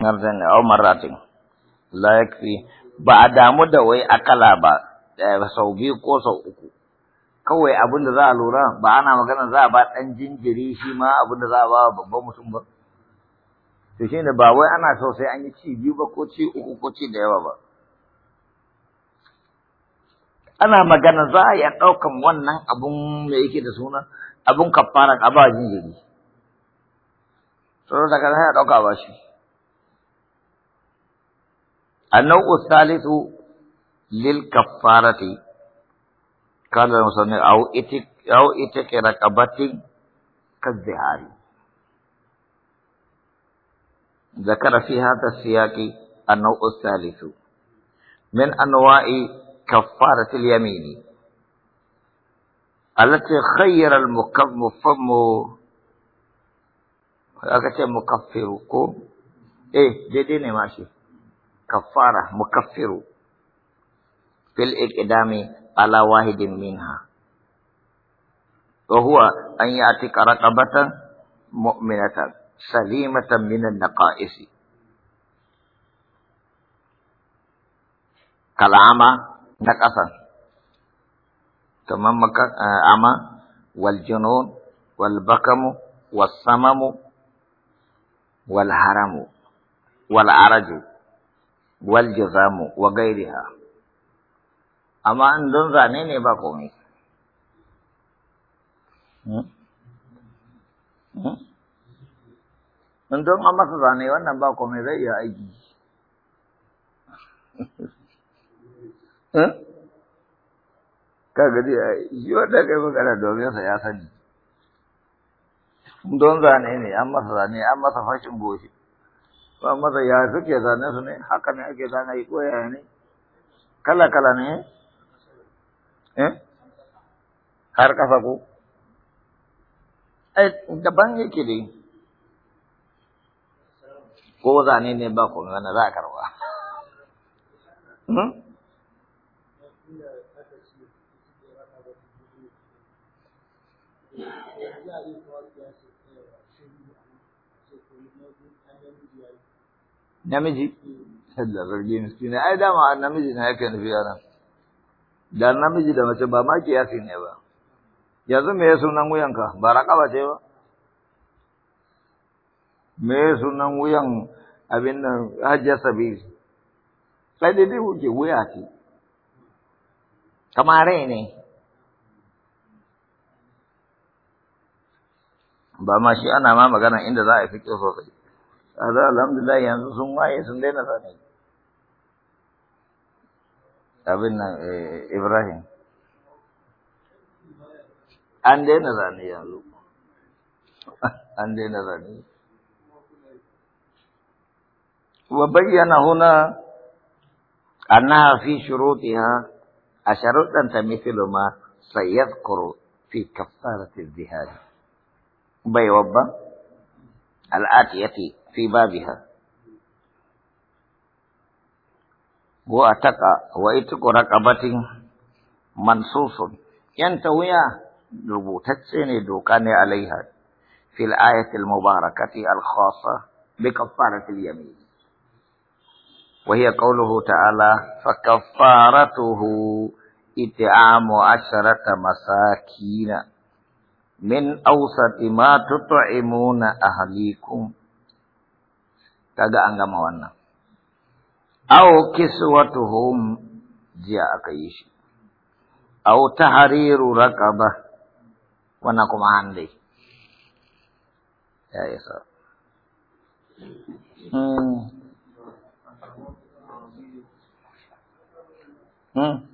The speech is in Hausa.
مرضن أو مرات ba a damu da wai akala ba eh, sau biyu ko sau uku kawai abin da za a lura ba ana magana za a ba ɗan jinjiri shi ma abin da za a ba babban mutum ba to shi ne ba wai ana so sai an yi ci biyu ba ko ci uku ko ci da yawa ba ana magana za a iya ɗaukan wannan abun da yake da suna abun kafaran a ba jinjiri. Sau da za ya ɗauka ba shi. النوع الثالث للكفارة قال المصنع أو إتك أو إتك رقبة كالزهاري ذكر في هذا السياق النوع الثالث من أنواع كفارة اليمين التي خير المكفم هكذا مكفر إيه جديني ماشي كفارة مكفر في الإقدام على واحد منها وهو أن يأتيك رقبة مؤمنة سليمة من النقائص كالعمى نقصا ثم عمى والجنون والبكم والصمم والهرم والعرج wal jazamu wa gairiha amma an don zane ne ba komai hmm? Hmm? in don an masa zane wannan ba komai zai iya aiki hmm? kaga dai shi wanda kai magana domin sa ya sani don zane ne an masa zane an masa fashin goshi ba masa ya suke zane su ne haka ne ake zane yi koya ne kala kala ne eh har kafa ko ai eh, daban yake dai ko zane ne ba ko na za karwa hmm? Yeah. namiji sallar zargi miskini ai dama namiji na yake nufi yaran da namiji da mace ba ma kiyasi ne ba yanzu me sunan wuyanka ba raƙaba ce ba me sunan wuyan abin nan hajjar sabi sai dai dai kuke wuya ce kamar rai ne ba ma shi ana ma magana inda za a yi kyau sosai هذا الحمد لله يعني ثم يسون لنا أبن إبراهيم عندنا ثاني يا لوك عندنا ثاني وبين هنا أنها في شروطها أشرط أن تمثل ما سيذكر في كفارة الذهاب بيوبا الآتي يتيك في بابها وأتق وإتق رقبة منصوص ينتوي ربوتتين دوكاني عليها في الآية المباركة الخاصة بكفارة اليمين وهي قوله تعالى فكفارته إطعام عشرة مساكين من أوسط ما تطعمون أهليكم kaga an gama wannan Au kiswatuhum jiya aka yi shi aw tahriru raqaba wannan kuma hande ya isa hmm hmm